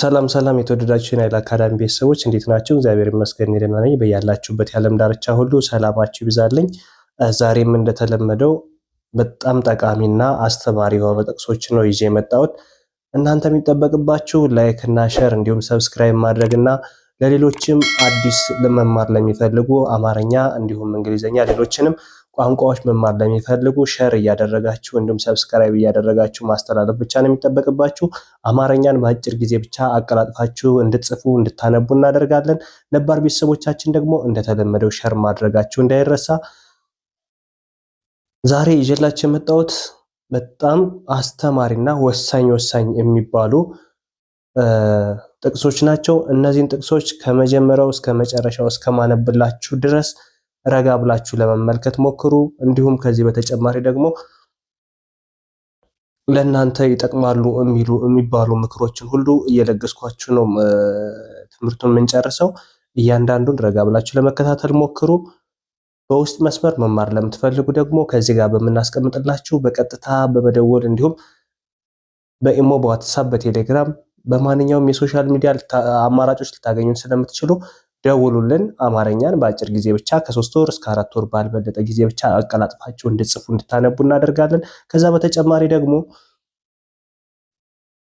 ሰላም ሰላም የተወደዳችሁ የናይል አካዳሚ ቤተሰቦች እንዴት ናቸው? እግዚአብሔር ይመስገን ደህና ነኝ። በያላችሁበት የዓለም ዳርቻ ሁሉ ሰላማችሁ ይብዛልኝ። ዛሬም እንደተለመደው በጣም ጠቃሚና አስተማሪ የሆኑ ጥቅሶችን ነው ይዤ የመጣሁት። እናንተ የሚጠበቅባችሁ ላይክ እና ሸር እንዲሁም ሰብስክራይብ ማድረግ እና ለሌሎችም አዲስ ለመማር ለሚፈልጉ አማርኛ እንዲሁም እንግሊዝኛ ሌሎችንም ቋንቋዎች መማር ለሚፈልጉ ሸር እያደረጋችሁ እንዲሁም ሰብስክራይብ እያደረጋችሁ ማስተላለፍ ብቻ ነው የሚጠበቅባችሁ። አማርኛን በአጭር ጊዜ ብቻ አቀላጥፋችሁ እንድትጽፉ እንድታነቡ እናደርጋለን። ነባር ቤተሰቦቻችን ደግሞ እንደተለመደው ሸር ማድረጋችሁ እንዳይረሳ። ዛሬ ይዤላችሁ የመጣሁት በጣም አስተማሪና ወሳኝ ወሳኝ የሚባሉ ጥቅሶች ናቸው። እነዚህን ጥቅሶች ከመጀመሪያው እስከ መጨረሻው እስከማነብላችሁ ድረስ ረጋ ብላችሁ ለመመልከት ሞክሩ። እንዲሁም ከዚህ በተጨማሪ ደግሞ ለእናንተ ይጠቅማሉ የሚሉ የሚባሉ ምክሮችን ሁሉ እየለገስኳችሁ ነው። ትምህርቱን የምንጨርሰው እያንዳንዱን ረጋ ብላችሁ ለመከታተል ሞክሩ። በውስጥ መስመር መማር ለምትፈልጉ ደግሞ ከዚህ ጋር በምናስቀምጥላችሁ በቀጥታ በመደወል እንዲሁም በኢሞ፣ በዋትሳፕ፣ በቴሌግራም በማንኛውም የሶሻል ሚዲያ አማራጮች ልታገኙን ስለምትችሉ ደውሉልን። አማርኛን በአጭር ጊዜ ብቻ ከሶስት ወር እስከ አራት ወር ባልበለጠ ጊዜ ብቻ አቀላጥፋችሁ እንድጽፉ እንድታነቡ እናደርጋለን። ከዛ በተጨማሪ ደግሞ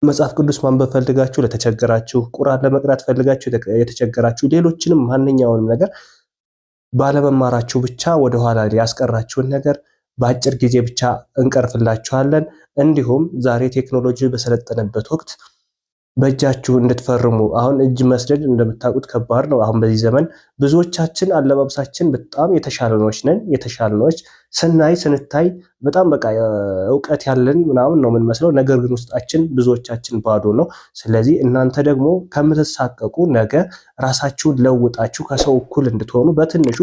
መጽሐፍ ቅዱስ ማንበብ ፈልጋችሁ ለተቸገራችሁ፣ ቁርአን ለመቅራት ፈልጋችሁ የተቸገራችሁ፣ ሌሎችንም ማንኛውንም ነገር ባለመማራችሁ ብቻ ወደኋላ ያስቀራችሁን ነገር በአጭር ጊዜ ብቻ እንቀርፍላችኋለን። እንዲሁም ዛሬ ቴክኖሎጂ በሰለጠነበት ወቅት በእጃችሁ እንድትፈርሙ። አሁን እጅ መስደድ እንደምታውቁት ከባድ ነው። አሁን በዚህ ዘመን ብዙዎቻችን አለባበሳችን በጣም የተሻልኖች ነን። የተሻልኖች ስናይ ስንታይ በጣም በቃ እውቀት ያለን ምናምን ነው የምንመስለው። ነገር ግን ውስጣችን ብዙዎቻችን ባዶ ነው። ስለዚህ እናንተ ደግሞ ከምትሳቀቁ ነገ ራሳችሁን ለውጣችሁ ከሰው እኩል እንድትሆኑ በትንሹ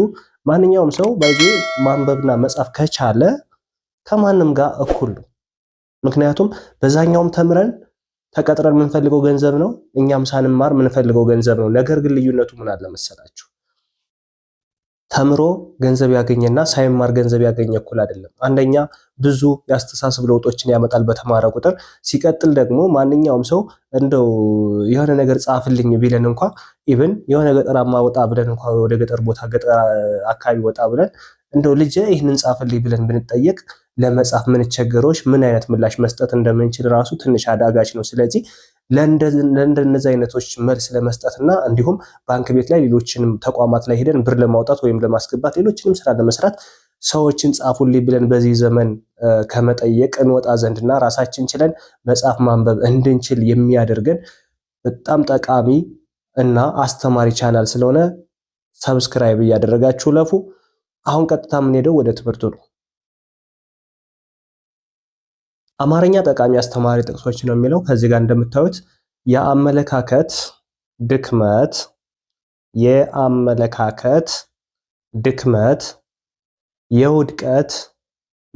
ማንኛውም ሰው በዚህ ማንበብና መጻፍ ከቻለ ከማንም ጋር እኩል ነው። ምክንያቱም በዛኛውም ተምረን ተቀጥረን የምንፈልገው ገንዘብ ነው። እኛም ሳንማር የምንፈልገው ገንዘብ ነው። ነገር ግን ልዩነቱ ምን አለ መሰላችሁ? ተምሮ ገንዘብ ያገኘና ሳይማር ገንዘብ ያገኘ እኩል አይደለም። አንደኛ ብዙ የአስተሳሰብ ለውጦችን ያመጣል በተማረ ቁጥር። ሲቀጥል ደግሞ ማንኛውም ሰው እንደው የሆነ ነገር ጻፍልኝ ቢለን እንኳ ኢብን የሆነ ገጠራማ ወጣ ብለን እንኳ ወደ ገጠር ቦታ አካባቢ ወጣ ብለን እንደው ልጄ ይህንን ጻፍልኝ ብለን ብንጠየቅ ለመጻፍ ምንቸገሮች ምን አይነት ምላሽ መስጠት እንደምንችል ራሱ ትንሽ አዳጋች ነው። ስለዚህ ለእንደነዚህ አይነቶች መልስ እና እንዲሁም ባንክ ቤት ላይ ሌሎችንም ተቋማት ላይ ሄደን ብር ለማውጣት ወይም ለማስገባት ሌሎችንም ስራ ለመስራት ሰዎችን ጻፉልኝ ብለን በዚህ ዘመን ከመጠየቅ እንወጣ ዘንድና ራሳችን ችለን መጻፍ ማንበብ እንድንችል የሚያደርገን በጣም ጠቃሚ እና አስተማሪ ቻናል ስለሆነ ሰብስክራይብ እያደረጋችሁ ለፉ። አሁን ቀጥታ የምንሄደው ወደ ትምህርቱ ነው። አማርኛ ጠቃሚ አስተማሪ ጥቅሶች ነው የሚለው ከዚህ ጋር እንደምታዩት የአመለካከት ድክመት የአመለካከት ድክመት የውድቀት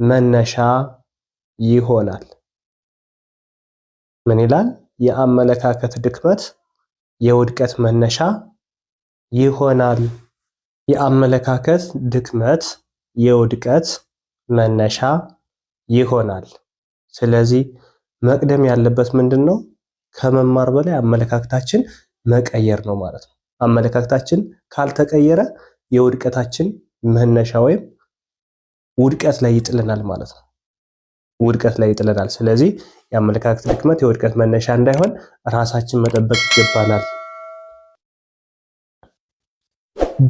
መነሻ ይሆናል። ምን ይላል? የአመለካከት ድክመት የውድቀት መነሻ ይሆናል። የአመለካከት ድክመት የውድቀት መነሻ ይሆናል። ስለዚህ መቅደም ያለበት ምንድን ነው? ከመማር በላይ አመለካከታችን መቀየር ነው ማለት ነው። አመለካከታችን ካልተቀየረ የውድቀታችን መነሻ ወይም ውድቀት ላይ ይጥለናል ማለት ነው። ውድቀት ላይ ይጥለናል። ስለዚህ የአመለካከት ድክመት የውድቀት መነሻ እንዳይሆን ራሳችን መጠበቅ ይገባናል።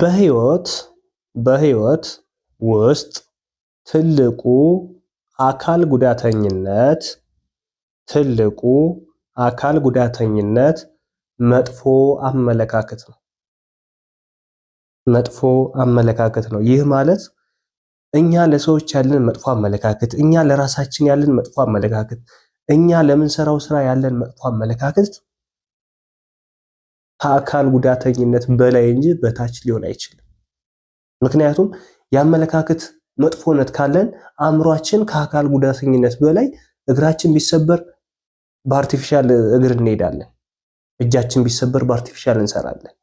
በህይወት በህይወት ውስጥ ትልቁ አካል ጉዳተኝነት ትልቁ አካል ጉዳተኝነት መጥፎ አመለካከት ነው። መጥፎ አመለካከት ነው። ይህ ማለት እኛ ለሰዎች ያለን መጥፎ አመለካከት፣ እኛ ለራሳችን ያለን መጥፎ አመለካከት፣ እኛ ለምንሰራው ስራ ያለን መጥፎ አመለካከት ከአካል ጉዳተኝነት በላይ እንጂ በታች ሊሆን አይችልም። ምክንያቱም የአመለካከት መጥፎነት ካለን አእምሯችን ከአካል ጉዳተኝነት በላይ እግራችን ቢሰበር በአርቲፊሻል እግር እንሄዳለን። እጃችን ቢሰበር በአርቲፊሻል እንሰራለን።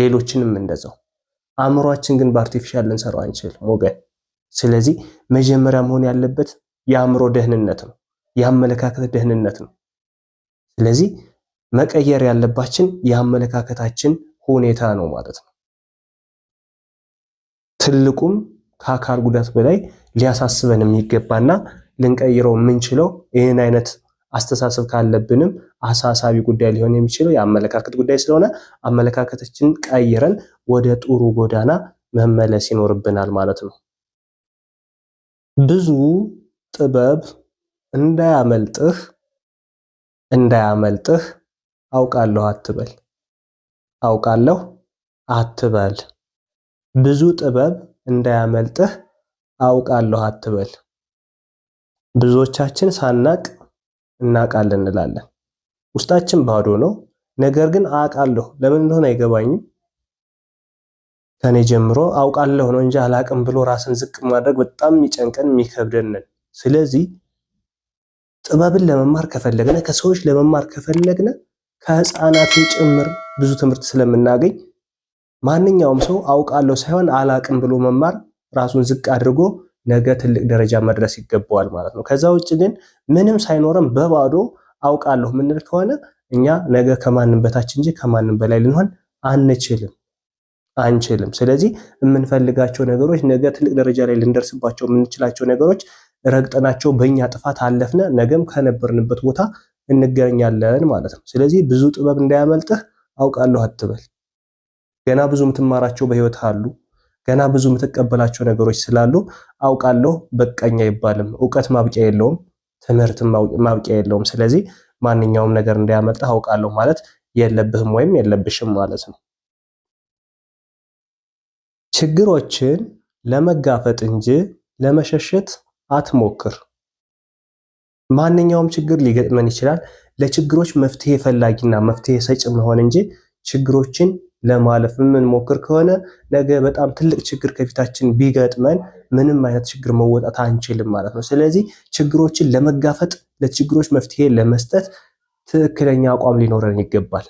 ሌሎችንም እንደዛው። አእምሯችን ግን በአርቲፊሻል ልንሰራው አንችልም ወገን። ስለዚህ መጀመሪያ መሆን ያለበት የአእምሮ ደህንነት ነው፣ የአመለካከት ደህንነት ነው። ስለዚህ መቀየር ያለባችን የአመለካከታችን ሁኔታ ነው ማለት ነው ትልቁም ከአካል ጉዳት በላይ ሊያሳስበን የሚገባና ልንቀይረው የምንችለው ይህን አይነት አስተሳሰብ ካለብንም አሳሳቢ ጉዳይ ሊሆን የሚችለው የአመለካከት ጉዳይ ስለሆነ አመለካከታችን ቀይረን ወደ ጥሩ ጎዳና መመለስ ይኖርብናል ማለት ነው። ብዙ ጥበብ እንዳያመልጥህ እንዳያመልጥህ አውቃለሁ አትበል አውቃለሁ አትበል ብዙ ጥበብ እንዳያመልጥህ አውቃለሁ አትበል። ብዙዎቻችን ሳናቅ እናውቃለን እንላለን። ውስጣችን ባዶ ነው። ነገር ግን አውቃለሁ ለምን እንደሆነ አይገባኝም። ከኔ ጀምሮ አውቃለሁ ነው እንጂ አላቅም ብሎ ራስን ዝቅ ማድረግ በጣም የሚጨንቀን የሚከብደንን። ስለዚህ ጥበብን ለመማር ከፈለግነ ከሰዎች ለመማር ከፈለግነ ከህፃናትን ጭምር ብዙ ትምህርት ስለምናገኝ ማንኛውም ሰው አውቃለሁ ሳይሆን አላቅም ብሎ መማር ራሱን ዝቅ አድርጎ ነገ ትልቅ ደረጃ መድረስ ይገባዋል ማለት ነው። ከዛ ውጭ ግን ምንም ሳይኖርም በባዶ አውቃለሁ ምንል ከሆነ እኛ ነገ ከማንም በታች እንጂ ከማንም በላይ ልንሆን አንችልም አንችልም። ስለዚህ የምንፈልጋቸው ነገሮች ነገ ትልቅ ደረጃ ላይ ልንደርስባቸው የምንችላቸው ነገሮች ረግጠናቸው በእኛ ጥፋት አለፍነ፣ ነገም ከነበርንበት ቦታ እንገኛለን ማለት ነው። ስለዚህ ብዙ ጥበብ እንዳያመልጥህ አውቃለሁ አትበል። ገና ብዙ የምትማራቸው በህይወት አሉ። ገና ብዙ የምትቀበላቸው ነገሮች ስላሉ አውቃለሁ በቀኛ አይባልም። እውቀት ማብቂያ የለውም፣ ትምህርት ማብቂያ የለውም። ስለዚህ ማንኛውም ነገር እንዳያመልጥ አውቃለሁ ማለት የለብህም ወይም የለብሽም ማለት ነው። ችግሮችን ለመጋፈጥ እንጂ ለመሸሸት አትሞክር። ማንኛውም ችግር ሊገጥመን ይችላል። ለችግሮች መፍትሄ ፈላጊና መፍትሄ ሰጭ መሆን እንጂ ችግሮችን ለማለፍ የምንሞክር ከሆነ ነገ በጣም ትልቅ ችግር ከፊታችን ቢገጥመን ምንም አይነት ችግር መወጣት አንችልም ማለት ነው። ስለዚህ ችግሮችን ለመጋፈጥ ለችግሮች መፍትሄ ለመስጠት ትክክለኛ አቋም ሊኖረን ይገባል።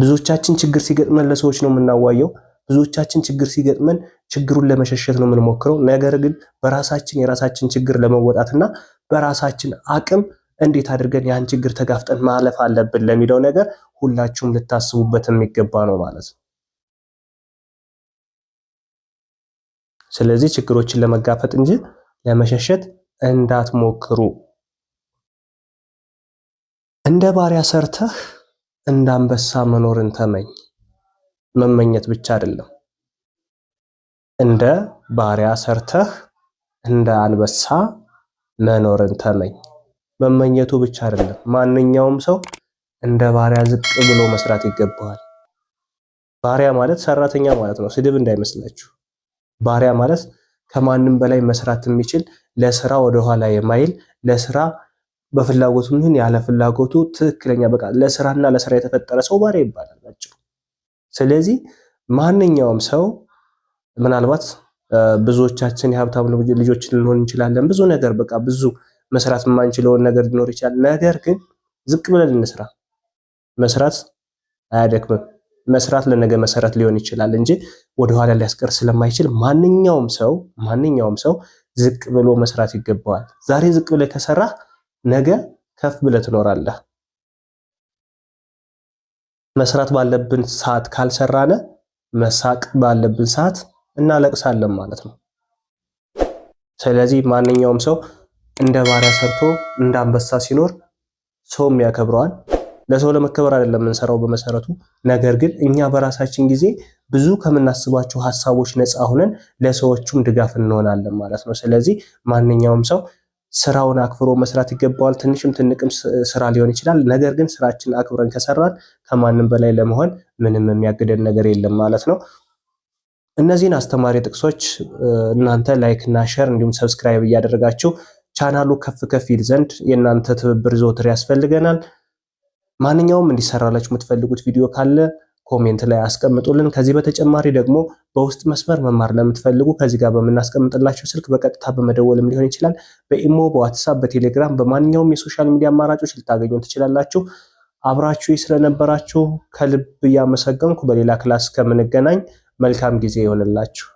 ብዙዎቻችን ችግር ሲገጥመን ለሰዎች ነው የምናዋየው። ብዙዎቻችን ችግር ሲገጥመን ችግሩን ለመሸሸት ነው የምንሞክረው። ነገር ግን በራሳችን የራሳችን ችግር ለመወጣትና በራሳችን አቅም እንዴት አድርገን ያን ችግር ተጋፍጠን ማለፍ አለብን ለሚለው ነገር ሁላችሁም ልታስቡበት የሚገባ ነው ማለት ነው። ስለዚህ ችግሮችን ለመጋፈጥ እንጂ ለመሸሸት እንዳትሞክሩ። እንደ ባሪያ ሰርተህ እንደ አንበሳ መኖርን ተመኝ። መመኘት ብቻ አይደለም፣ እንደ ባሪያ ሰርተህ እንደ አንበሳ መኖርን ተመኝ። መመኘቱ ብቻ አይደለም ማንኛውም ሰው እንደ ባሪያ ዝቅ ብሎ መስራት ይገባዋል። ባሪያ ማለት ሰራተኛ ማለት ነው፣ ስድብ እንዳይመስላችሁ። ባሪያ ማለት ከማንም በላይ መስራት የሚችል ለስራ ወደኋላ የማይል ለስራ በፍላጎቱ ምን ያለ ፍላጎቱ ትክክለኛ በቃ ለስራና ለስራ የተፈጠረ ሰው ባሪያ ይባላል ናቸው። ስለዚህ ማንኛውም ሰው ምናልባት ብዙዎቻችን የሀብታም ልጆችን ልንሆን እንችላለን። ብዙ ነገር በቃ ብዙ መስራት የማንችለውን ነገር ሊኖር ይችላል። ነገር ግን ዝቅ ብለን እንስራ። መስራት አያደክምም። መስራት ለነገ መሰረት ሊሆን ይችላል እንጂ ወደኋላ ሊያስቀር ስለማይችል ማንኛውም ሰው ማንኛውም ሰው ዝቅ ብሎ መስራት ይገባዋል። ዛሬ ዝቅ ብለ ከሰራህ ነገ ከፍ ብለ ትኖራለህ። መስራት ባለብን ሰዓት ካልሰራነ መሳቅ ባለብን ሰዓት እናለቅሳለን ማለት ነው። ስለዚህ ማንኛውም ሰው እንደ ባሪያ ሰርቶ እንደ አንበሳ ሲኖር ሰውም ያከብረዋል። ለሰው ለመከበር አይደለም የምንሰራው በመሰረቱ። ነገር ግን እኛ በራሳችን ጊዜ ብዙ ከምናስባቸው ሀሳቦች ነፃ ሆነን ለሰዎቹም ድጋፍ እንሆናለን ማለት ነው። ስለዚህ ማንኛውም ሰው ስራውን አክብሮ መስራት ይገባዋል። ትንሽም ትንቅም ስራ ሊሆን ይችላል። ነገር ግን ስራችን አክብረን ከሰራን ከማንም በላይ ለመሆን ምንም የሚያግደን ነገር የለም ማለት ነው። እነዚህን አስተማሪ ጥቅሶች እናንተ ላይክ እና ሸር እንዲሁም ሰብስክራይብ እያደረጋችሁ ቻናሉ ከፍ ከፍ ይል ዘንድ የእናንተ ትብብር ዘወትር ያስፈልገናል። ማንኛውም እንዲሰራላችሁ የምትፈልጉት ቪዲዮ ካለ ኮሜንት ላይ አስቀምጡልን። ከዚህ በተጨማሪ ደግሞ በውስጥ መስመር መማር ለምትፈልጉ ከዚህ ጋር በምናስቀምጥላቸው ስልክ በቀጥታ በመደወልም ሊሆን ይችላል። በኢሞ፣ በዋትሳፕ፣ በቴሌግራም በማንኛውም የሶሻል ሚዲያ አማራጮች ልታገኙን ትችላላችሁ። አብራችሁ ስለነበራችሁ ከልብ እያመሰገንኩ በሌላ ክላስ ከምንገናኝ መልካም ጊዜ ይሆንላችሁ።